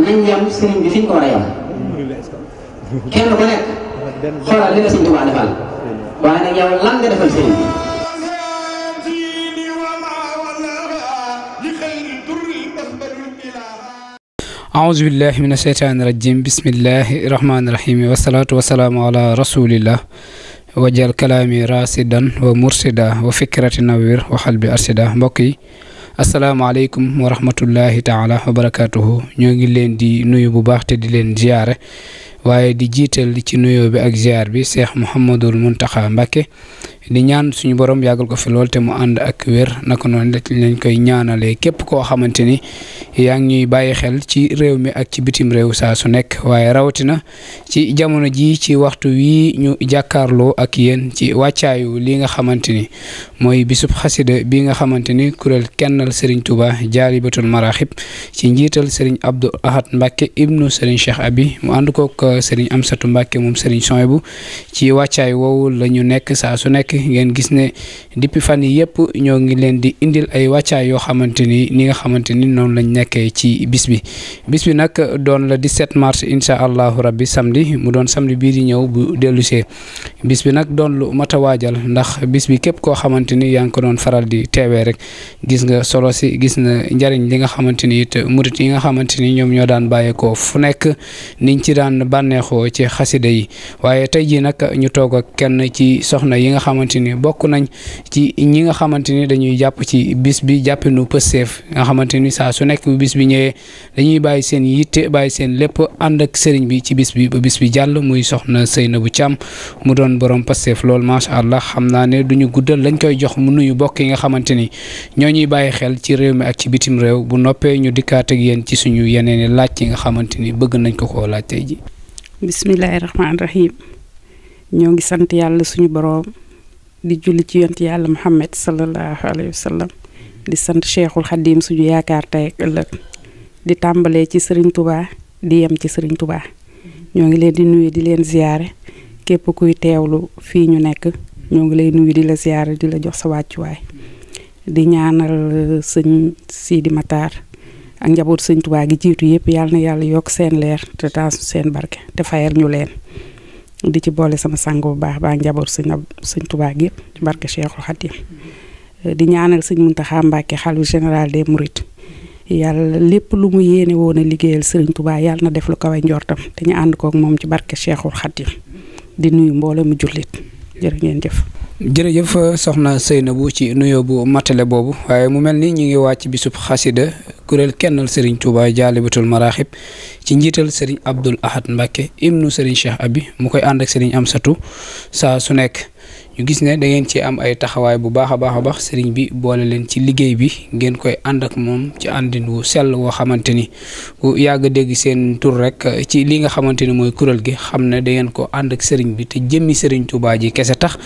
أعوذ بالله من الشيطان الرجيم بسم الله الرحمن الرحيم والصلاة والسلام على رسول الله وجل كلامي راسدا ومرسدا وفكرة نوير وحلب أرشدا بقي asalaamaaleykum wa rahmatullahi taala wa barakaatuhu ñoo ngi leen di nuyu bu baax di leen ziyaare waaye di jiital ci nuyoo bi ak ziyaar bi Cheikh Mouhamadul Mountakha Mbacké di ñaan suñu borom yàggal ko fi lool te mu ànd ak wér naka noonu lañ koy ñaanalee képp koo xamante ni yaa ngi ñuy bàyyi xel ci réew mi ak ci bitim réew saa su nekk waaye rawatina ci jamono ji ci waxtu wii ñu jàkkaarloo ak yéen ci wàccaayu li nga xamante ni mooy bisub xasida bi nga xamante ni kuréel kennal Serigne Touba jaalibatul maraxib ci njiital Serigne Abdou Ahad Mbacke ibnu Serigne Cheikh Abi mu ànd kook Serigne Amsatu Mbacke moom Serigne Soyebu ci wàccaay woowu la nekk saa su nekk. ngeen gis ne depuis fan yi yëpp ñoo ngi leen di indil ay wàccaay yoo xamante ni ni nga xamante ni noonu lañ nekkee ci bis bi bis bi nag doon la 17 mars incha allahu rabbi samedi mu doon samedi bii di ñëw bu dellusee bis bi nag doon lu mat waajal ndax bis bi képp koo xamante ni yaa ngi ko doon faral di teewee rek gis nga solo si gis na njariñ li nga xamante ni it murit yi nga xamante ni ñoom ñoo daan bàyyeekoo fu nekk niñ ci daan bànneexoo ci xasida yi waaye tey ji nag ñu toog kenn ci soxna yi nga xam xamante ni bokk nañ ci ñi nga xamante ni dañuy jàpp ci bis bi jàppinu Pastef nga xamante ni saa su nekk bu bis bi ñëwee dañuy bàyyi seen yitte bàyyi seen lépp ànd ak sëriñ bi ci bis bi ba bis bi jàll muy soxna na bu Thiam mu doon borom Pastef lool macha allah xam naa ne duñu guddal dañ koy jox mu nuyu bokk yi nga xamante ni ñoo ñuy bàyyi xel ci réew mi ak ci bitim réew bu noppee ñu dikkaat ak yéen ci suñu yeneeni laaj yi nga xamante ni bëgg nañ ko koo laaj ji bismillahi di julli ci yonti yàlla Muhammad sallallahu alayhi wa di sant cheikhul xaddiim suñu yaakaar tey ak ëllëg di tàmbalee ci sëriñ tubaa di yem ci sëriñ tubaa ñoo ngi leen di nuyu di leen ziyaare képp kuy teewlu fii ñu nekk ñoo ngi lay nuyu di la ziyaare di la jox sa wàccuwaay di ñaanal sëñ Sidi Matar ak njaboot sëñ tubaa gi jiitu yëpp yàlla na yàlla yokk seen leer te taasu seen barke te fayal ñu leen di ci boole sama sang bu baax baa njaboot sëñ ab sëñ tubaa gi ci barke Cheikhul Khadim mm-hmm. di ñaanal sëñ Muntaxa Mbàkke xalifa général des Mourides yàlla lépp lu mu yéene woon a liggéeyal sëriñ tubaa yàlla na def lu kawe njortam te ñu ànd kook moom ci barke Cheikhul Khadim di nuyu mboole mu jullit jërë ngeen jëf. jërëjëf euh, soxna Seynabou ci nuyoo bu matele boobu waaye mu mel ni ñu ngi wàcc bisub xasida kuréel kennal Serigne Touba jaalibatul maraaxib ci njiital Serigne Abdoul Ahad Mbacke ibnu Serigne Cheikh Abi mu koy ànd ak Serigne Amsatou saa su nekk. gis ne da ngeen ci am ay taxawaay bu baax a baax a baax sëriñ bi boole leen ci liggéey bi ngeen koy ànd ak moom ci àndin wu sell woo xamante ni ku yàgg dégg seen tur rek eh, ci li nga xamante ni mooy kuréel gi xam ne da ngeen ko ànd ak sëriñ bi te jëmmi sëriñ Tuubaa ji kese tax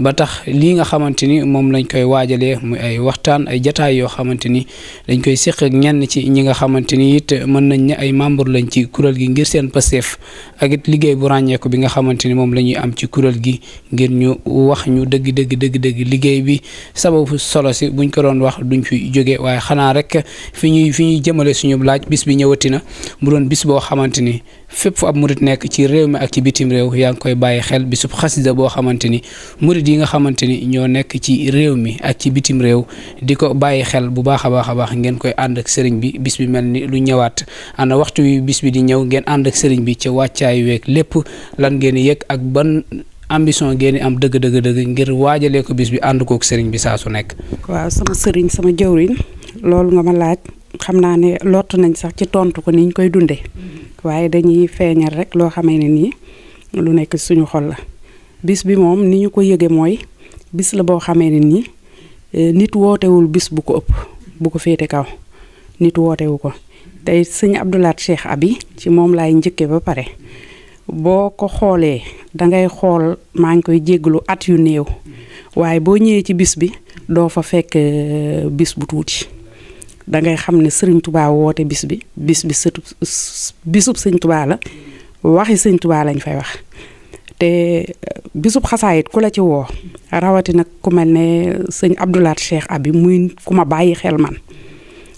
ba tax lii nga xamante ni moom lañ koy waajalee muy ay waxtaan ay jataay yoo xamante ni dañ koy séq ñenn ci ñi nga xamante ni it mën nañ ne ay membre lañ ci kuréel gi ngir seen pasteef ak liggéey bu bi nga xamante ni moom la am ci kuréel gi ngir ñu wax wax ñu dëgg dëgg dëgg dëgg liggéey bi sababu solo si buñ ko doon wax duñ fi jóge waaye xanaa rek fi ñuy fi ñuy jëmale suñu laaj bis bi ñëwati na mu doon bis boo xamante ni fépp fu murit nekk ci réew mi ak ci bitim réew yaa ngi koy bàyyi xel bisub xasida boo xamante ni murit yi nga xamante ni ñoo nekk ci réew mi ak ci bitim réew di ko bàyyi xel bu baax a baax a baax ngeen koy ànd ak sëriñ bi bis bi mel ni lu ñëwaat ana waxtu wi bis bi di ñëw ngeen ànd ak sëriñ bi ca wàccaay week lépp lan ngeen yëg ak ban ambition ngeen am dëgg dëgg dëgg ngir waajalee ko bis bi ànd kook sëriñ bi saa su nekk. waaw sama sëriñ sama jëwriñ loolu nga ma laaj xam naa ne lott nañ sax ci tontu ko niñ koy dundee waaye dañuy feeñal rek loo xamee ne nii lu nekk suñu xol la bis bi moom ni ñu ko yëge mooy bis la boo xamee ne nii eh, nit wootewul bis bu ko ëpp bu ko féete kaw nit wootewu ko tey sëñ Abdoulaat Cheikh Abi ci moom laay njëkkee ba pare. boo ko xoolee dangay xool maa ngi koy jégalu at yu néew waaye boo ñëwee ci bis bi doo fa fekk euh, bis bu tuuti dangay xam ne sëriñ tubaa woote bis bi bis bi sëtu bisub sëñ tubaa la waxi sëñ tubaa lañ fay wax te euh, bisub xasaayit ku la ci woo rawati nag ku mel ne sëñ Abdoulaat Cheikh Abi muy ku ma bàyyi xel man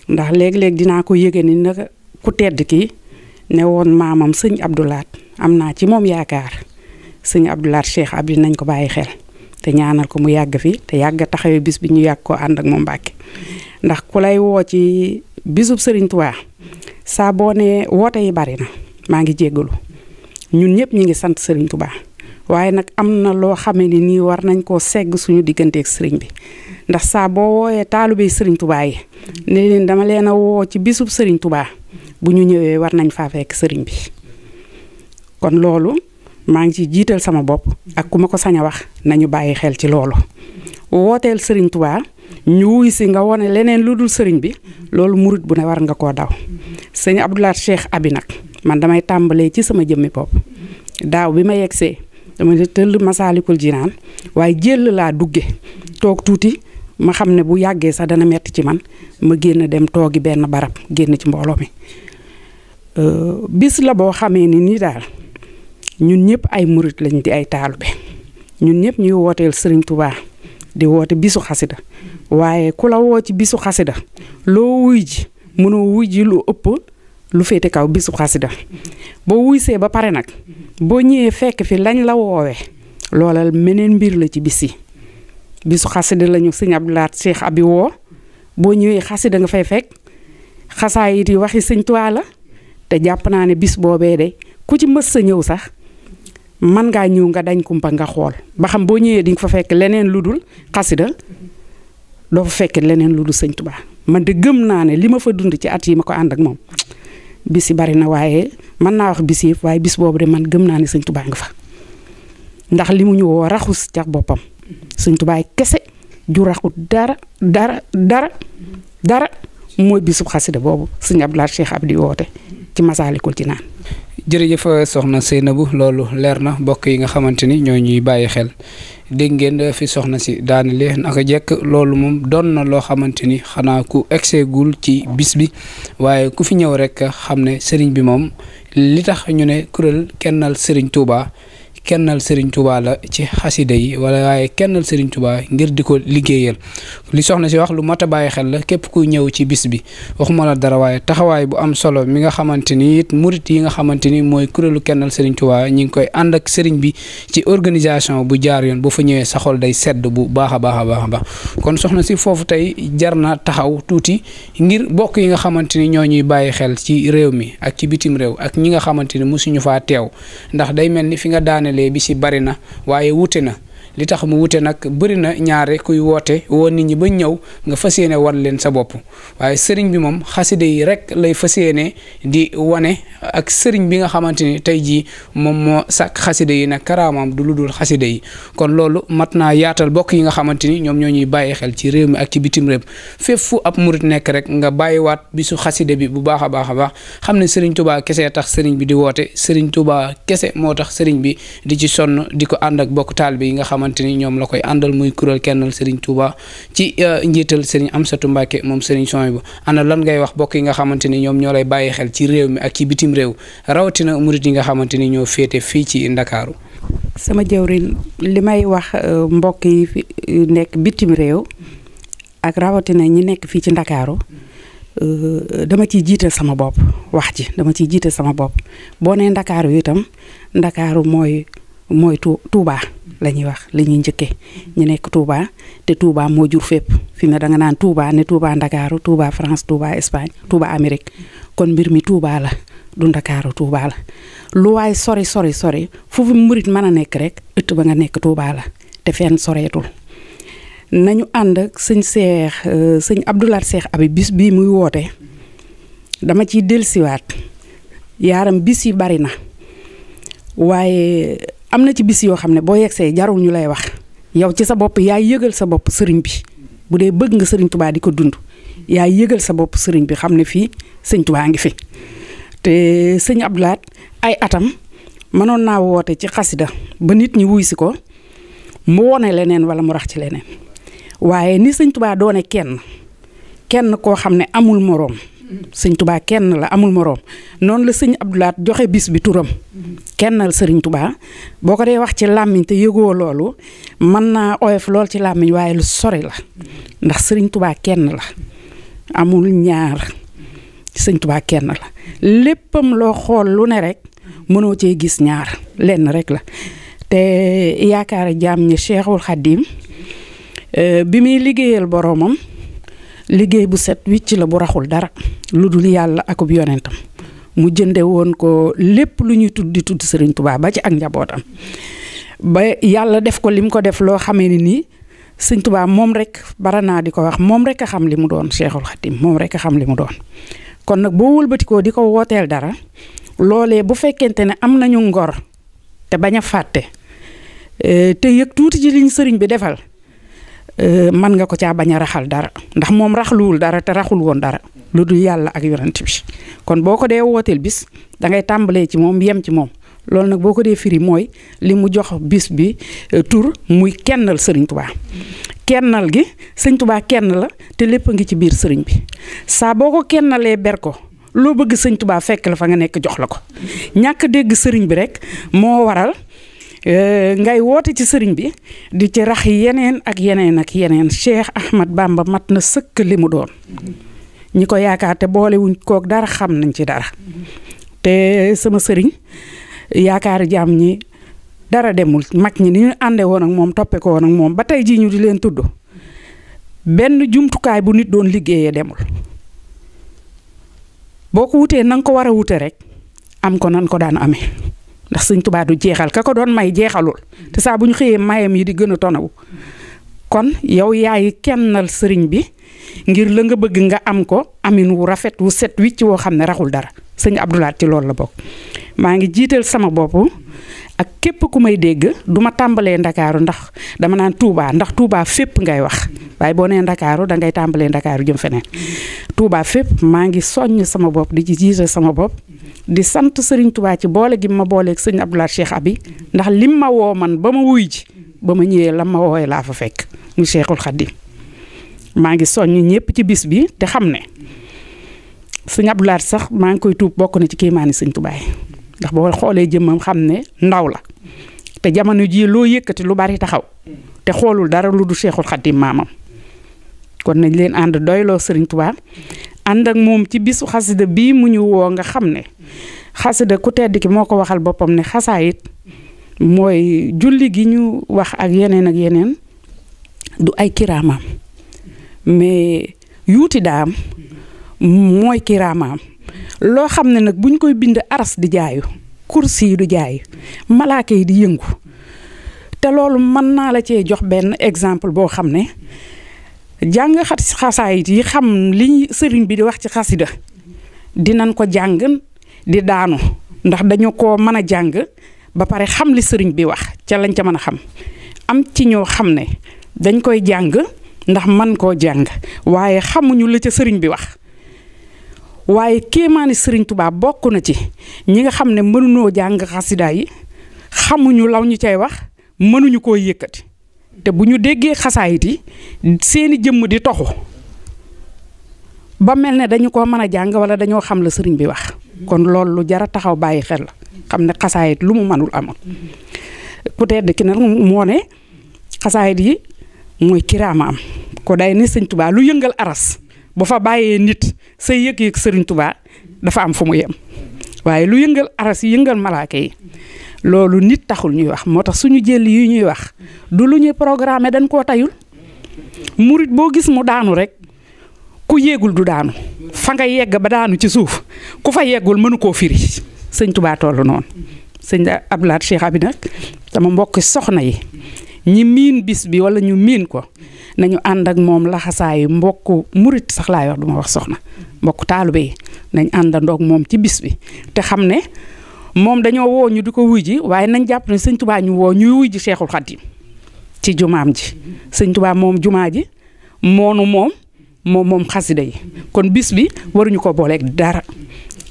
ndax léeg-léeg dinaa ko yëge ni nag ku tedd kii ne woon maamam sëñ Abdoulaat am naa ci moom yaakaar sëñ Abdoulaat Cheikh Abdi nañ ko bàyyi xel te ñaanal ko mu yàgg fi te yàgg taxawee bis bi ñu yàgg koo ànd ak moom Mbàkke ndax ku lay woo ci bisub Sëriñ Tuubaa saa boo nee woote yi bari na maa ngi jéggalu ñun ñëpp ñi ngi sant Sëriñ Tuubaa waaye nag am na loo xame ni nii war nañ koo segg suñu digganteeg sëriñ bi ndax saa boo wooyee taalube Sëriñ Tuubaa yi ne dama leen a woo ci bisub Sëriñ Tuubaa bu ñu ñëwee war nañ faa fekk sëriñ bi kon loolu maa ngi ci jiital sama bopp ak ku ma ko sañ a wax nañu bàyyi xel ci loolu wooteel sëriñ Tuubaa ñu wuy si nga wone leneen lu dul sëriñ bi loolu murit bu ne war nga koo daw sëñ Abdoulaye Cheikh Abi nag man damay tàmbalee ci sama jëmmi bopp daaw bi ma yegsee dama ne tëll masaalikul jinaan waaye jël laa dugge toog tuuti ma xam ne bu yàggee sax dana metti ci man ma génn dem toogi benn barab génn ci mbooloo mi euh, bis la boo xamee ni nii daal ñun ñëpp ay murit lañu di ay taalibe ñun ñëpp ñuy wooteel Serigne Touba di woote bisu xasida waaye ku la woo ci bisu xasida loo wuy ji lu ëpp lu féete kaw bisu xasida boo wuysee ba pare nag boo ñëwee fekk fi lañ la woowe loola meneen mbir la ci bis yi bisu xasida lañu sëñ Abdou laat Cheikh Abi woo boo ñëwee xasida nga fay fekk xasaa xasaayit yi waxi sëñ la te jàpp naa ne bis boobee de ku ci mës sa ñëw sax man ngaa ñëw nga dañ kumpa nga xool ba xam boo ñëwee di nga fa fekk leneen lu dul xasida doo fa fekk leneen lu dul sëñ Tuubaa man de gëm naa ne li ma fa dund ci at yi ma ko ànd ak moom bis yi bari na waaye mën naa wax bis yëpp waaye bis boobu de man gëm naa ne sëñ Tuubaa nga fa ndax li mu ñu woo raxus ca boppam sëñ Tuubaa kese ju raxut dara dara dara dara mooy bisub xasida boobu sëñ Abdoulaye Cheikh di woote ci ci naan jërëjëf euh, soxna Seynabou loolu leer na mbokk yi nga xamante ni ñoo ñuy bàyyi xel dégg ngeen euh, fi soxna si daanale naka jekk loolu moom doon na loo xamante ni xanaa ku egseegul ci bis bi waaye ku fi ñëw rek xam ne sëriñ bi moom li tax ñu ne kuréel kennal sëriñ Touba. kennal Serigne Touba la ci xasida yi wala waaye kennal Serigne Touba ngir di ko liggéeyal li soxna si wax lu mat a bàyyi xel la képp kuy ñëw ci bis bi waxuma la dara waaye taxawaay bu am solo mi nga xamante ni it murit yi nga xamante ni mooy kuréelu kennal Serigne Touba ngi koy ànd ak Serigne bi ci organisation bu jaar yoon bu fa ñëwee sa day sedd bu baax a baax a baax a baax kon soxna si foofu tey jar na taxaw tuuti ngir bokk yi nga xamante ni ñoo ñuy bàyyi xel ci réew mi ak ci bitim réew ak ñi nga xamante ni mosuñu faa teew ndax day mel ni fi nga daaneel tàmbalee bi na waaye wuute na di tax mu wute nag bëri na ñaare kuy woote woo nit ñi ba ñëw nga fas yéene wan leen sa bopp waaye sëriñ bi moom xaside yi rek lay fas yéene di wane ak sëriñ bi nga xamante ni tey jii moom moo sàkk xaside yi nag karaamam du lu dul xaside yi kon loolu mat naa yaatal bokk yi nga xamante ni ñoom ñoo ñuy bàyyi xel ci réew mi ak ci bitim réew fépp fu ab murit nekk rek nga bàyyiwaat bisu xaside bi bu baax a baax a baax xam ne sëriñ Tuubaa kese tax sëriñ bi di woote sëriñ Tuubaa kese moo tax sëriñ bi di ci sonn di ko ànd ak bokk xamante ni ñoom la koy àndal muy kuréel kennal Serigne Touba ci euh, njiital am Amsatou Mbacke moom Serigne Souhaïbou ana lan ngay wax mbokk yi nga xamante ni ñoom ñoo lay bàyyi xel ci réew mi ak ci bitim réew rawatina murit yi nga xamante ni ñoo féete fii ci Ndakaaru sama jawrin li may wax euh, mbokk yi fi euh, nekk bitim réew ak rawatina ñi nekk fii ci Ndakaaru dama ciy jiital sama bopp wax ci dama ciy jiital sama bopp boo nee Ndakaaru itam Ndakaaru mooy mooy Tuubaa la ñuy wax la ñuy njëkkee ñu nekk Touba te Touba moo jur fépp fii ne danga naan Touba ne Touba Ndakaaru Touba France Touba Espagne Touba Amérique kon mbir mi Touba la du Ndakaaru Touba la lu waay sori sori sori foofu murit mën a nekk rek ëtt ba nga nekk Touba la te fenn soreetul nañu ànd ak sëñ Seex euh, sëñ Abdoulaat Seex abi bis bii muy woote dama ciy dellusiwaat yaaram bis yi bari na waaye am na ci bis yoo xam ne boo yegsee jarul ñu lay wax yow ci sa bopp yaay yëgal sa bopp sëriñ bi bu dee bëgg nga sëriñ tubaa di ko dund yaay yëgal sa bopp sëriñ bi xam ne fii sëñ tubaa ngi fi te sëñ Abdou Lahad ay atam mënoon naa woote ci xasida ba nit ñi wuy si ko mu wone leneen wala mu rax ci leneen waaye ni sëñ tubaa doone kenn kenn koo xam ne amul moroom sëñ tubaa kenn la amul moroom noonu la sëñ abdulaat joxe bis bi turam kennal sëriñ tubaa boo ko dee wax ci làmmiñ te yëgoo loolu mën naa oyof lool ci làmmiñ waaye lu sori la ndax sëriñ tubaa kenn la amul ñaar sëñ tubaa kenn la léppam loo xool lu ne rek mënoo cee gis ñaar lenn rek la te yaakaar jaam ñi cheikhul xadim euh, bi muy liggéeyal boromam liggey bu set wicc la bu raxul dara lu yalla ak bu yonentam mu jënde won ko lepp lu ñuy tuddi tudd Serigne Touba ba ci ak njabotam ba yalla def ko lim ko def lo xamé ni nii Serigne Touba mom rek bara diko ko wax mom rek a xam limu doon Cheikhul Khatim mom rek xam limu doon kon nak bo di ko wooteel dara lolé bu fekkente ne am nañu ngor te baña faté euh te yek tuuti ci liñ serigne bi defal Euh, man nga ko caa baña raxal dara ndax mom raxlul dara te raxul won dara lu yalla ak yoonte bi kon boko de wotel bis da ngay tambale ci mom yem ci mom lol nak boko de firi moy limu jox bis bi euh, tour muy kennal serigne touba kennal gi serigne touba kenn la te lepp ngi ci bir serigne bi Sabo boko kennale kennalee ber ko loo bëgg serigne touba fekk la fa nga nek jox la ko ñàkk dégg bi rek mo waral Euh, ngay woote ci sëriñ bi di ci rax yeneen ak yeneen ak yeneen Cheikh Ahmad Bamba mat na sëkk li mu doon ñi ko yaakaar te boolewuñ kook dara xam nañ ci dara te sama sëriñ yaakaar jaam ñi dara demul mag ñi ni ñu ànde woon ak moom toppe ko woon ak moom ba tey jii ñu di leen tudd benn jumtukaay bu nit doon liggéeyee demul boo ko wutee na ko war a wute rek am ko nan ko daan amee ndax sëñ tubaa du jeexal ka ko doon may jeexalul te saa bu ñu xëyee mayam yi di gën a tonawu kon yow yaay kennal sëriñ bi ngir la nga bëgg nga am ko amin wu rafet wu set wicc woo xam ne raxul dara sëñ Abdoulaat ci loolu la bokk maa ngi jiital sama bopp ak képp ku may dégg du ma tàmbalee ndakaaru ndax dama naan Touba ndax Touba fépp ngay wax waaye boo nee ndakaaru da ngay tàmbalee ndakaaru jëm feneen Touba fépp maa ngi soññ sama bopp di ci jiite sama bopp di sant sëriñ Touba ci boole gi ma booleek sëñ Abdoulaye Cheikh Abi ndax lim ma woo man ba ma wuy ji ba ma ñëwee la ma woowee laa fa fekk mu seexul Khadim maa ngi soññ ñëpp ci bis bi te xam ne sëñ Abdoulaye sax maa ngi koy tuub bokk na ci kéemaani sëñ Touba ndax boo xoolee jëmmam xam ne ndaw la te jamono ji loo yëkkati lu bari taxaw te xoolul dara lu du Seexul Xaddim maamam kon nañ leen ànd doyloo Sëriñ Tuubaa ànd ak moom ci bisu xasida bii mu ñu woo nga xam ne xasida ku tedd ki moo ko waxal boppam ne xasaayit mooy julli gi ñu wax ak yeneen ak yeneen du ay kiraamaam mais yuuti daam mooy kiraamaam loo xam ne nag buñ koy bind aras di jaayu kursi yi du jaayu malaaka yi di yëngu te loolu mën naa la cee jox benn exemple boo xam ne jàng xasaayit yi xam li sëriñ bi di wax ci xasida dinañ ko jàng di daanu ndax dañu ko mën a jàng ba pare xam li sëriñ bi wax ca lañ ca mën a xam am ci ñoo xam ne dañ koy jàng ndax mën koo jàng waaye xamuñu la ca sëriñ bi wax waaye kéemaani sëriñ tubaab bokk na ci ñi nga xam ne mënuñoo jàng xasida yi xamuñu law ñu cay wax mënuñu koo yëkkati te bu ñu déggee xasaayit yi seeni jëmm di toxu ba mel ne dañu ko mën a jàng wala dañoo xam la sëriñ bi wax kon loolu lu jara taxaw bàyyi xel la xam ne xasaayit lu mu mënul amul ku tedd ki nag moo ne xasaayit yi mooy kiraama am ko day ne sëñ Touba lu yëngal aras bu fa bàyyee nit say yëg-yëg sëriñ tubaa dafa am fu mu yem waaye lu yëngal aras yëngal malaake yi loolu nit taxul ñuy wax moo tax suñu jël yi ñuy wax du lu ñuy programmé dañ koo tayul murit boo gis mu daanu rek ku yéegul du daanu fa nga yegg ba daanu ci suuf ku fa yeggul mënu koo firi sëñ tubaa toll noonu sëñ ablaat cheikh abi nag sama mbokk soxna yi ñi miin bis bi wala ñu miin ko nañu ànd ak moom laxasaay mbokk murit sax laa yor du ma wax soxna mbokku taalube yi nañ àndandoog moom ci bis bi te xam ne moom dañoo woo ñu di ko wuy waaye nañ jàpp ne sëñ tubaa ñu woo ñuy wuy ji Cheikhul Khadim ci jumaam ji sëñ moom jumaa ji moonu moom moom moom xasida yi kon bis bi waruñu ko booleek dara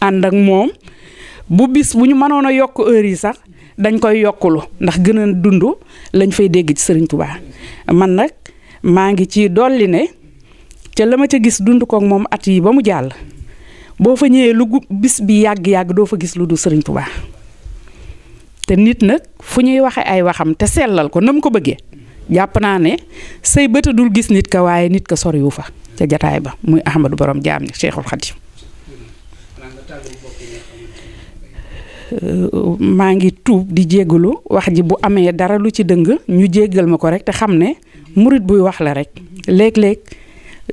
ànd ak moom bu bis bu ñu mënoon a yokk heure yi sax dañ koy yokkulu ndax gën dund lañ fay dégg ci sëriñ tubaa man nag maa ngi ci dolli ne ca la ma ca gis dund koog moom at yi ba mu jàll boo fa ñëwee lu bis bi yàgg-yàgg doo fa gis lu du sëriñ Tuubaa te nit nag fu ñuy waxe ay waxam te sellal ko nam ko bëggee jàpp naa ne say bëta dul gis nit ka waaye nit ka soriwu fa ca jataay ba muy Ahmadu borom jaam ni Cheikhul Khadim maa ngi tuub di jéggalu wax ji bu amee dara lu ci dëng ñu jéggal ma ko rek te xam ne murit buy wax la rek léeg-léeg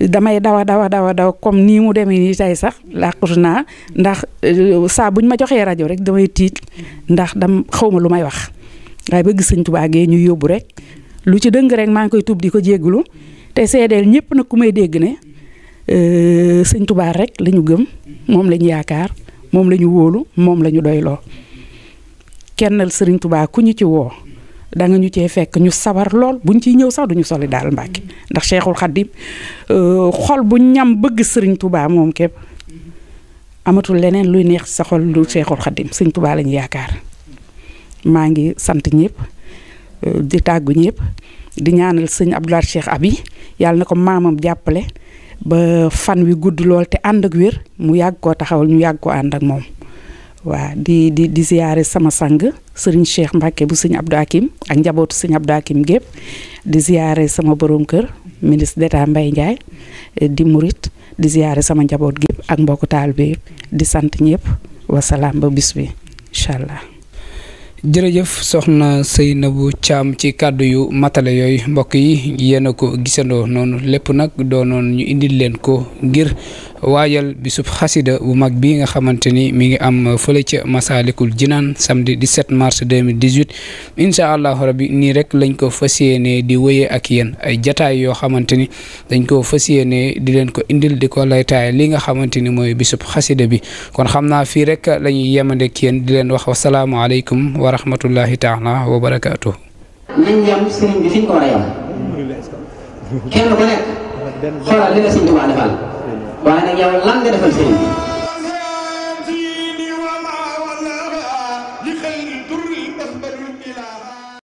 damay dawa dawa dawa dawa comme nii mu demee nii tey sax làqut naa ndax euh, saa buñ ma joxee rajo rek damay tiit ndax dam xaw ma lu may wax waaye bëgg sëñ Tuubaa gee ñuy yóbbu rek lu ci dëng rek maa ngi koy tub di ko jégglu te seedeel ñëpp nag ku may dégg ne euh, sëñ Tuubaa rek la ñu gëm moom lañu yaakaar moom la ñu wóolu moom la ñu doyloo kenn sëriñ Tuubaa ku ñu ci woo da nga ñu cee fekk ñu sawar lool bu buñ ciy ñëw sax duñu soli daal Mbàkke ndax Cheikhul Khadim euh, xol bu ñam bëgg sëriñ Touba moom képp amatul leneen luy neex sa xol lu Cheikhul Khadim Serigne Touba lañu yaakaar maa ngi sant ñëpp euh, di tàggu ñëpp di ñaanal sëñ Abdoulaye Cheikh Abi yàlla na ko maamam jàppale ba fan wi gudd lool te ànd ak wér mu yàgg koo taxawal ñu yàgg koo ànd ak moom. waaw di di di ziare sama sang sëriñ Cheikh Mbacke bu sëñ Abdou Hakim ak njabootu sëñ Abdou Hakim gépp di ziare sama boroom kër ministre d'état mbay Ndiaye di murit di ziare sama njaboot gépp ak mbokk taal bi di sant ñëpp wasalaam ba bis bi incha allah. jërëjëf soxna Seynabou Thiam ci kàddu yu matale yooyu mbokk yi yéen ko gisandoo noonu lépp nag doo doonoon ñu indil leen ko ngir waajal bisub xasida bu mag bii nga xamante ni mi ngi am fële ca Masaalikul Jinaan samedi 17 mars 2018 incha allahu rabbi nii rek lañ ko fas yéenee di wéyee ak yéen ay jataay yoo xamante ni dañ koo fas yéenee di leen ko indil di ko laytaay li nga xamante ni mooy bisub xasida bi kon xam naa fii rek lañuy yemande yemandek yéen di leen wax wasalaamualeykum wa rahmatullahi taala wa barakaatuh nañ yem sëriñ bi fi ko war a yem kenn ku nekk xoolal li la sëriñ Tuubaa defal waaye nag yow lan nga defal